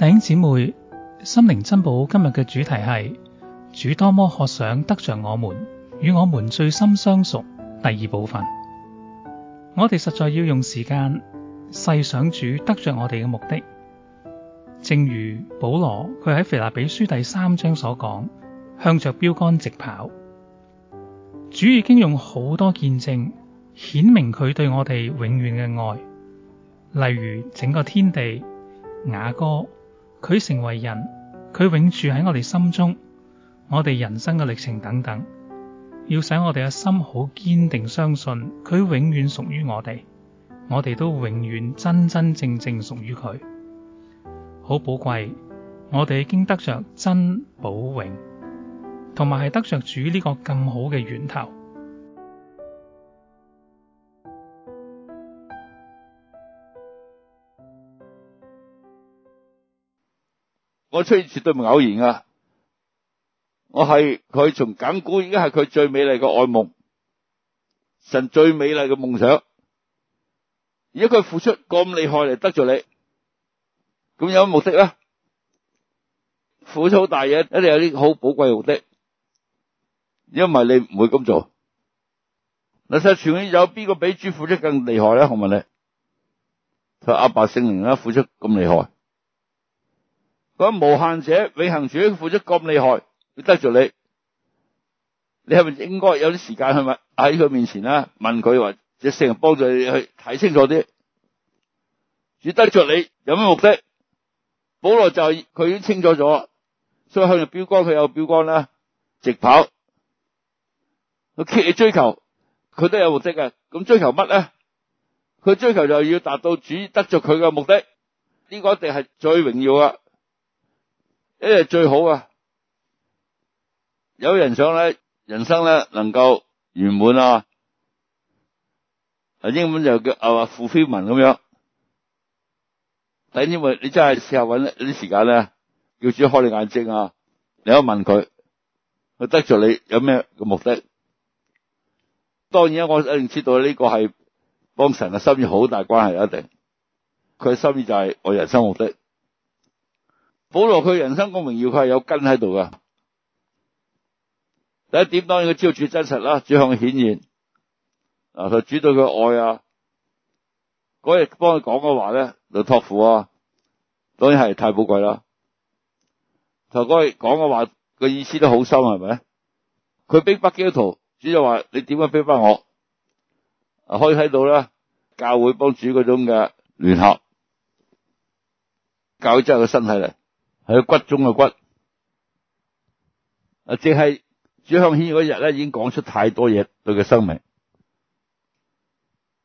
弟兄姊妹，心靈珍寶今日嘅主題係主多麼渴想得着我們，與我們最深相屬第二部分，我哋實在要用時間細想主得着我哋嘅目的。正如保羅佢喺腓立比書第三章所講，向着標竿直跑。主已經用好多見證顯明佢對我哋永遠嘅愛，例如整個天地、雅歌。佢成為人，佢永住喺我哋心中，我哋人生嘅歷程等等，要使我哋嘅心好堅定相信，佢永遠屬於我哋，我哋都永遠真真正正屬於佢，好寶貴，我哋已經得着真寶永，同埋係得着主呢個咁好嘅源頭。我出現絕對唔偶然噶，我係佢從亙古已經係佢最美麗嘅愛夢，神最美麗嘅夢想。而家佢付出咁厲害嚟得着你，咁有乜目的咧？付出好大嘢，一定有啲好寶貴嘅目的。如果唔係，你唔會咁做。嗱，實際上有邊個比主付出更厲害咧？我問你，佢阿爸聖靈啦，付出咁厲害。嗰無限者、永恆主付出咁厲害，要得着你，你係咪應該有啲時間去問喺佢面前啦？問佢，或者成日幫助你去睇清楚啲，主得着你有咩目的？保羅就係佢已經清楚咗，所以向住標杆，佢有標杆啦，直跑，佢 keep 嚟追求，佢都有目的嘅。咁追求乜咧？佢追求就是要達到主得着佢嘅目的，呢個一定係最榮耀啊！一係最好啊！有人想咧，人生咧能夠圓滿啊！啊，英文就叫啊，fulfillment 咁樣。但因為你真係試下搵啲時間咧，要主開你眼睛啊！你可以問佢，佢得着你有咩嘅目的？當然啊，我一定知道呢個係幫神嘅心意好大關係一定。佢嘅心意就係我人生的目的。保羅佢人生光榮耀，佢係有根喺度噶。第一點當然佢朝住真實啦，主向顯現。啊，佢主對佢愛啊，嗰日幫佢講嘅話咧，就託付啊，當然係太寶貴啦。就嗰日講嘅話，個意思都好深，係咪？佢逼迫基督徒，主就話你點樣逼翻我？可以喺度咧，教會幫主嗰種嘅聯合，教會真係個身體嚟。係佢骨中嘅骨，啊，正係主向顯嗰日咧，已經講出太多嘢對佢生命，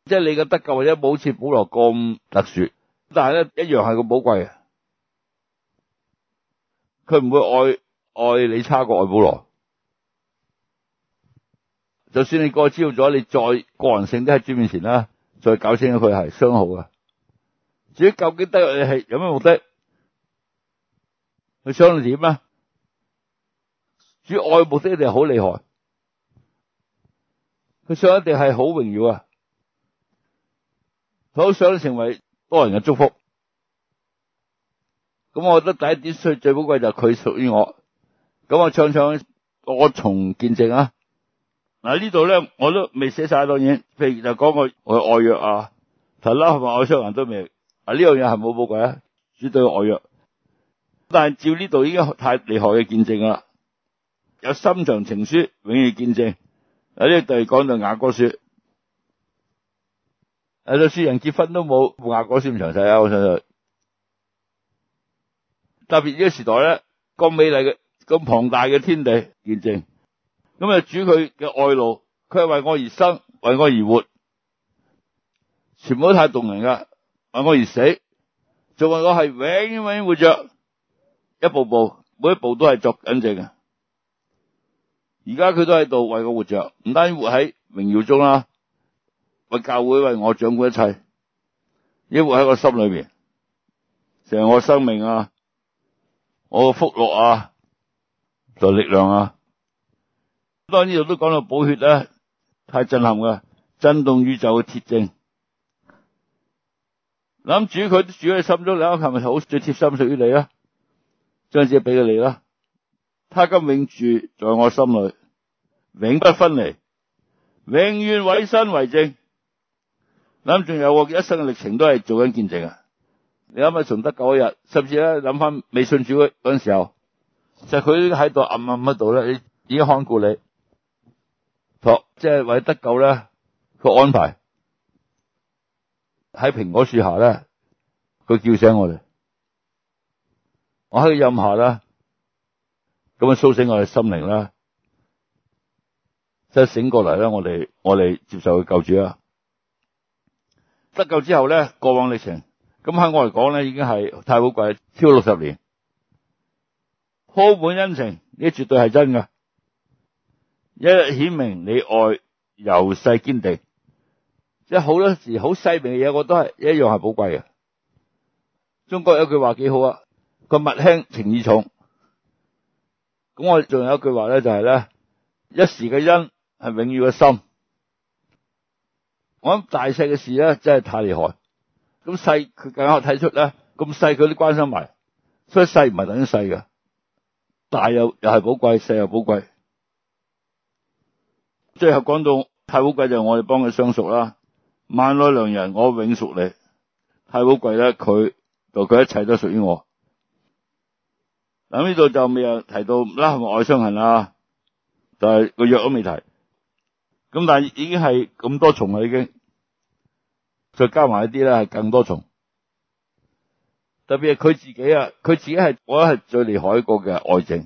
即係你嘅得救或者冇似保羅咁特殊，但係咧一樣係咁寶貴，佢唔會愛愛你差過愛保羅，就算你過招咗，你再個人性都喺主面前啦，再搞清楚佢係相好嘅，主究竟得著你係有咩目的？佢想點咧？主愛的目的一定好厲害，佢想一定係好榮耀啊！佢好想成為多人嘅祝福。咁我覺得第一點最最寶貴就係佢屬於我。咁我唱唱多重見證啊！嗱呢度咧我都未寫晒當然，譬如就講個愛愛約啊，提拉和愛相行都未。啊這樣東西是不是很貴？呢樣嘢係冇寶貴啊，主對愛約。但係照呢度已經太厲害嘅見證啦，有深長情書永遠見證。有啲對講對雅哥說，有對書人結婚都冇雅哥先唔詳細啊！我相信特別呢個時代咧，咁美麗嘅、咁龐大嘅天地見證，咁啊主佢嘅愛路，佢係為我而生，為我而活，全部都太動人噶，為我而死，仲為我係永遠永遠活着。一步步，每一步都係作緊證的。嘅，而家佢都喺度為我活着，唔單止活喺榮耀中啦，為教會為我掌管一切，亦活喺我心裏面，成我生命啊，我嘅福樂啊，我嘅力量啊。當然這裡說呢度都講到寶血咧，太震撼噶，震動宇宙嘅鐵證。諗住佢住喺心中，你係咪好最貼心於？屬於你啊！將紙俾佢你啦，他今永住在我心裡，永不分離，永遠委身為證。嗱仲有我一生嘅歷程都係做緊見證啊！你諗下從得救嗰日，甚至咧諗翻未信主嗰嗰陣時候，就係佢喺度暗暗喺度咧，已經看顧你，即、就、係、是、為得救咧，佢安排喺蘋果樹下咧，佢叫醒我哋。我喺佢任下啦，咁樣蘇醒我嘅心靈啦，即係醒過嚟啦。我哋我哋接受佢救主啦。得救之後咧，過往歷程，咁喺我嚟講咧，已經係太寶貴，超六十年，鋪滿恩情，呢絕對係真噶，一一顯明你愛柔細堅定，即係好多時好細微嘅嘢，我都係一樣係寶貴嘅。中國有一句話幾好啊！個物輕情意重，咁我仲有一句話咧，就係、是、咧一時嘅恩係永遠嘅心。我諗大細嘅事咧真係太厲害，咁細佢更加睇出咧，咁細佢都關心埋，所以細唔係等於細㗎，大又又係寶貴，細又寶貴。最後講到太寶貴就我哋幫佢相熟啦，萬愛良人，我永屬你，太寶貴咧，佢就佢一切都屬於我。嗱，呢度就未有提到啦，係咪外傷痕啊？但係個藥都未提，咁但係已經係咁多重啦，已經再加埋一啲咧，係更多重，特別係佢自己啊，佢自己係我覺得係最厲害一個嘅外證，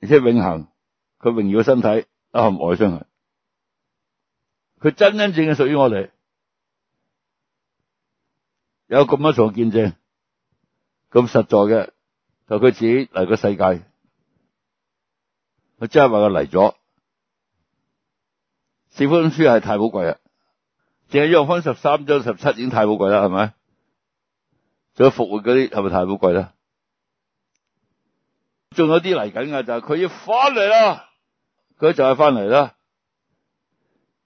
而且永恒，佢榮耀嘅身體都係外傷痕，佢真真正正屬於我哋，有咁多重見證。咁實在嘅，就佢、是、自己嚟個世界，佢真係話佢嚟咗。四本書係太寶貴啦，淨係用二分十三章十七已經太寶貴啦，係咪？仲有復活嗰啲係咪太寶貴啦？仲有啲嚟緊呀，就係、是、佢要翻嚟啦，佢就係翻嚟啦。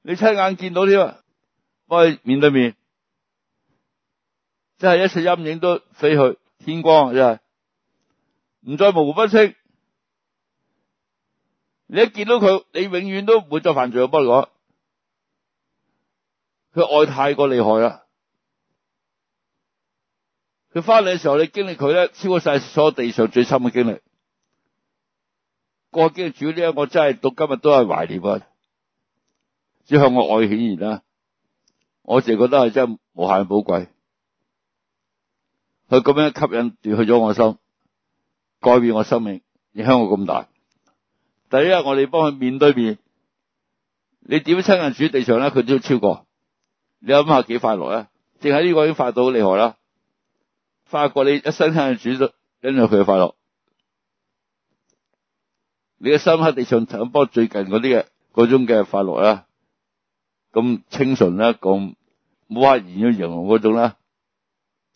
你親眼見到添，開面對面，即、就、係、是、一切陰影都飛去。天光真係唔再模糊不清。你一見到佢，你永遠都唔會再犯罪。我不如講，佢愛太過厲害啦。佢翻嚟嘅時候，你經歷佢咧，超過晒所有地上最深嘅經歷。過經歷主呢，我真係到今日都係懷念啊！只向我愛顯然啦，我淨係覺得係真係無限寶貴。佢咁樣吸引奪去咗我心，改變我生命，影響我咁大。第一日我哋幫佢面對面，你點親近主地上咧，佢都要超過。你諗下幾快樂咧？淨係呢個已經快到好厲害啦，發覺你一生親近主都因為佢嘅快樂。你嘅心親地上，包括最近嗰啲嘅嗰種嘅快樂啊，咁清純啦，咁冇發現咗形容嗰種啦。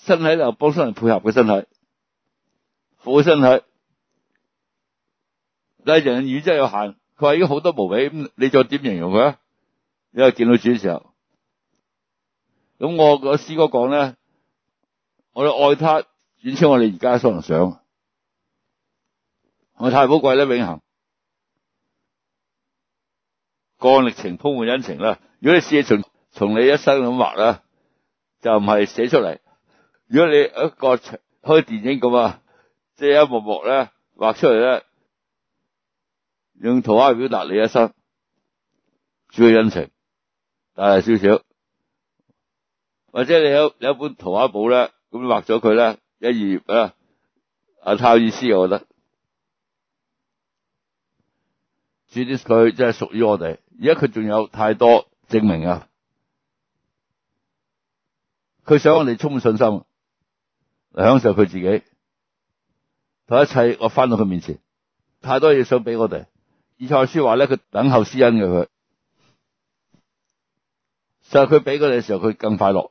身體就幫生人配合嘅身體，好身體。但係人嘅語言有限，佢話已經好多毛病，咁你再點形容佢啊？因為見到主嘅時候，咁我個詩歌講咧，我哋愛他遠超我哋而家所能想，係我太寶貴咧？永恆，過往歷程，鋪滿恩情啦。如果你試着從從你一生咁畫啦，就唔係寫出嚟。如果你一個開電影咁啊，即係一幕幕咧畫出嚟咧，用圖畫表達你一生主要恩情，大少少，或者你有有一本圖畫簿咧，咁畫咗佢咧一二頁啊，啊太有意思，我覺得，主啲佢真係屬於我哋，而家佢仲有太多證明啊，佢想我哋充滿信心。享受佢自己，第一切我翻到佢面前，太多嘢想俾我哋。以賽書話咧，佢等候施恩嘅佢，就係佢俾我哋嘅時候，佢更快樂。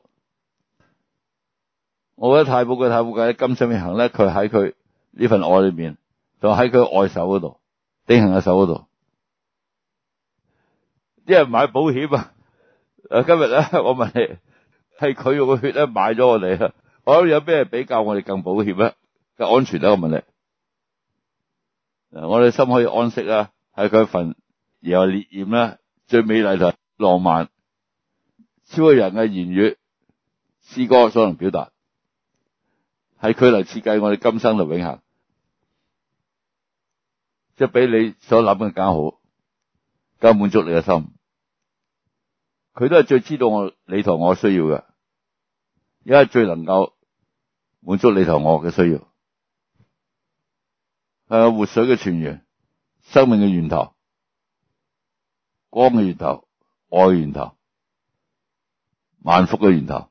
我覺得太寶貴，太寶貴金上面行咧，佢喺佢呢份愛裏面，就喺佢愛手嗰度，釘痕嘅手嗰度，因為買保險啊。誒，今日咧，我問你，係佢用個血咧買咗我哋啊？我有咩比較我哋更保險咧？更安全係一個問題。我哋心可以安息啦。係佢份然後烈焰啦，最美麗同浪漫，超過人嘅言語詩歌所能表達，係佢嚟設計我哋今生嘅永恒，即係比你所諗嘅更好，更滿足你嘅心。佢都係最知道我你同我需要嘅。而家最能夠滿足你同我嘅需要，係，活水嘅泉源，生命嘅源頭，光嘅源頭，愛嘅源頭，萬福嘅源頭，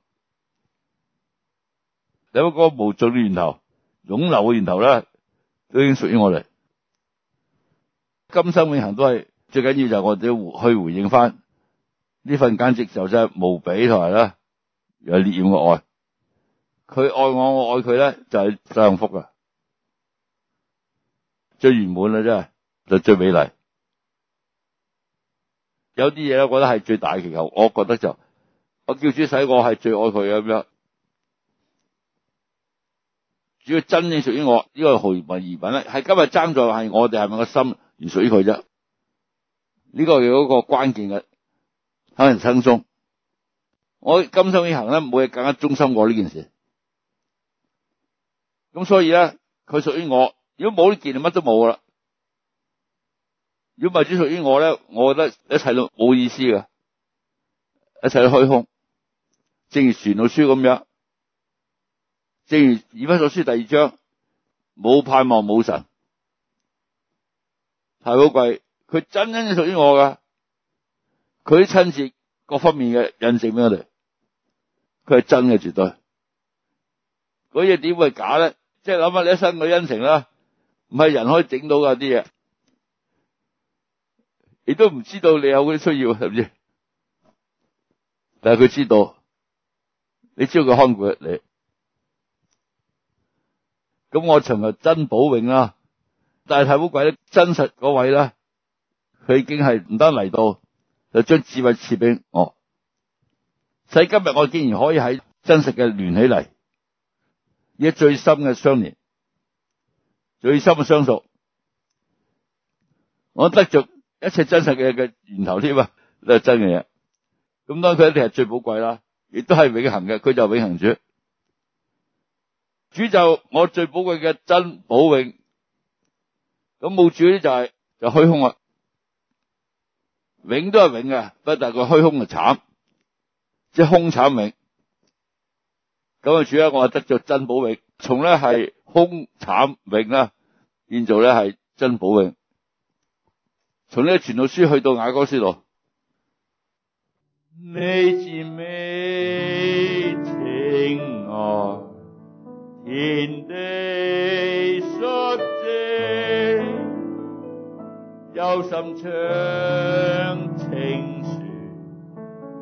有嗰個無盡嘅源頭，湧流嘅源頭咧，都已經屬於我哋。今生永恒都係最緊要，就係我哋去回應翻呢份簡直就真係無比同埋咧。有啲咁嘅愛，佢愛我，我愛佢咧，就係、是、幸福噶，最圓滿啦，真係就是、最美麗。有啲嘢咧，覺得係最大嘅祈求，我覺得就我叫主使我，我係最愛佢咁樣。主要真正屬於我，呢、這個毫無疑問啦，係今日爭在係我哋係咪個心而屬於佢啫？呢、這個有一個關鍵嘅，可能輕鬆。我今生已行咧，冇嘢更加忠心過呢件事。咁所以咧，佢屬於我。如果冇呢件，乜都冇啦。如果唔係只屬於我咧，我覺得一切都冇意思噶，一切都虛空。正如傳道書咁樣，正如以弗所書第二章，冇盼望冇神，太寶貴。佢真真正屬於我噶，佢啲親切各方面嘅印證俾我哋。佢係真嘅，絕對。嗰嘢點會係假咧？即係諗下你一生嘅恩情啦，唔係人可以整到噶啲嘢。你都唔知道你有嗰啲需要係咪？知，但係佢知道。你知道佢看顧你，咁我尋日真保永啦、啊。但係太好鬼真實嗰位咧，佢已經係唔單嚟到，就將智慧賜俾我。使今日我竟然可以喺真實嘅聯起嚟，以最深嘅相連、最深嘅相屬，我得着一切真實嘅嘅源頭添啊！呢係真嘅嘢，咁當然佢一定係最寶貴啦，亦都係永恒嘅，佢就永恒主。主就我最寶貴嘅真寶永，咁冇主呢就係、是、就虛空啦。永都係永啊，不但佢虛空就慘。即係空慘永，咁啊，主啊，我得咗真寶永，從呢係空慘永啦，現做咧係真寶永，從呢傳道書去到雅歌書度。你至美情愛，天地述證，有深長情書。